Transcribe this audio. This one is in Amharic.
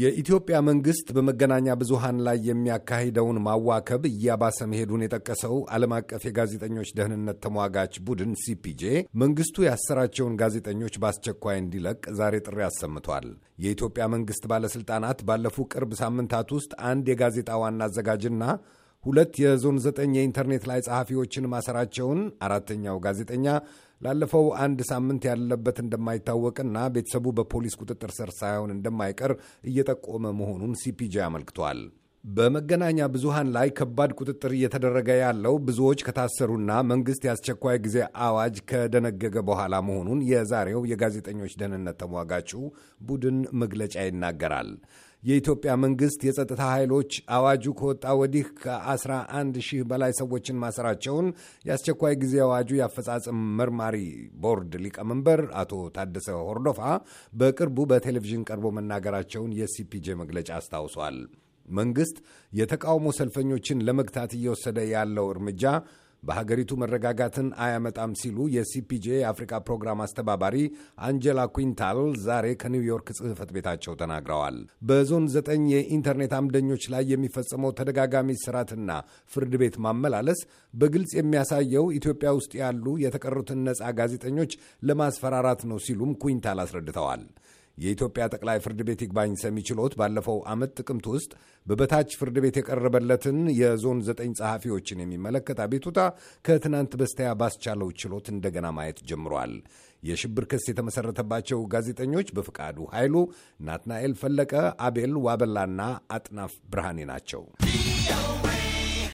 የኢትዮጵያ መንግስት በመገናኛ ብዙሃን ላይ የሚያካሂደውን ማዋከብ እያባሰ መሄዱን የጠቀሰው ዓለም አቀፍ የጋዜጠኞች ደህንነት ተሟጋች ቡድን ሲፒጄ መንግስቱ ያሰራቸውን ጋዜጠኞች በአስቸኳይ እንዲለቅ ዛሬ ጥሪ አሰምቷል። የኢትዮጵያ መንግስት ባለሥልጣናት ባለፉ ቅርብ ሳምንታት ውስጥ አንድ የጋዜጣ ዋና አዘጋጅና ሁለት የዞን ዘጠኝ የኢንተርኔት ላይ ጸሐፊዎችን ማሰራቸውን፣ አራተኛው ጋዜጠኛ ላለፈው አንድ ሳምንት ያለበት እንደማይታወቅና ቤተሰቡ በፖሊስ ቁጥጥር ስር ሳይሆን እንደማይቀር እየጠቆመ መሆኑን ሲፒጄ አመልክቷል። በመገናኛ ብዙሃን ላይ ከባድ ቁጥጥር እየተደረገ ያለው ብዙዎች ከታሰሩና መንግስት የአስቸኳይ ጊዜ አዋጅ ከደነገገ በኋላ መሆኑን የዛሬው የጋዜጠኞች ደህንነት ተሟጋቹ ቡድን መግለጫ ይናገራል። የኢትዮጵያ መንግስት የጸጥታ ኃይሎች አዋጁ ከወጣ ወዲህ ከ11 ሺህ በላይ ሰዎችን ማሰራቸውን የአስቸኳይ ጊዜ አዋጁ የአፈጻጽም መርማሪ ቦርድ ሊቀመንበር አቶ ታደሰ ሆርዶፋ በቅርቡ በቴሌቪዥን ቀርቦ መናገራቸውን የሲፒጄ መግለጫ አስታውሷል። መንግስት የተቃውሞ ሰልፈኞችን ለመግታት እየወሰደ ያለው እርምጃ በሀገሪቱ መረጋጋትን አያመጣም ሲሉ የሲፒጄ የአፍሪካ ፕሮግራም አስተባባሪ አንጀላ ኩንታል ዛሬ ከኒውዮርክ ጽህፈት ቤታቸው ተናግረዋል። በዞን ዘጠኝ የኢንተርኔት አምደኞች ላይ የሚፈጸመው ተደጋጋሚ ስራትና ፍርድ ቤት ማመላለስ በግልጽ የሚያሳየው ኢትዮጵያ ውስጥ ያሉ የተቀሩትን ነፃ ጋዜጠኞች ለማስፈራራት ነው ሲሉም ኩንታል አስረድተዋል። የኢትዮጵያ ጠቅላይ ፍርድ ቤት ይግባኝ ሰሚ ችሎት ባለፈው ዓመት ጥቅምት ውስጥ በበታች ፍርድ ቤት የቀረበለትን የዞን ዘጠኝ ጸሐፊዎችን የሚመለከት አቤቱታ ከትናንት በስቲያ ባስቻለው ችሎት እንደገና ማየት ጀምሯል። የሽብር ክስ የተመሰረተባቸው ጋዜጠኞች በፍቃዱ ኃይሉ፣ ናትናኤል ፈለቀ፣ አቤል ዋበላና አጥናፍ ብርሃኔ ናቸው።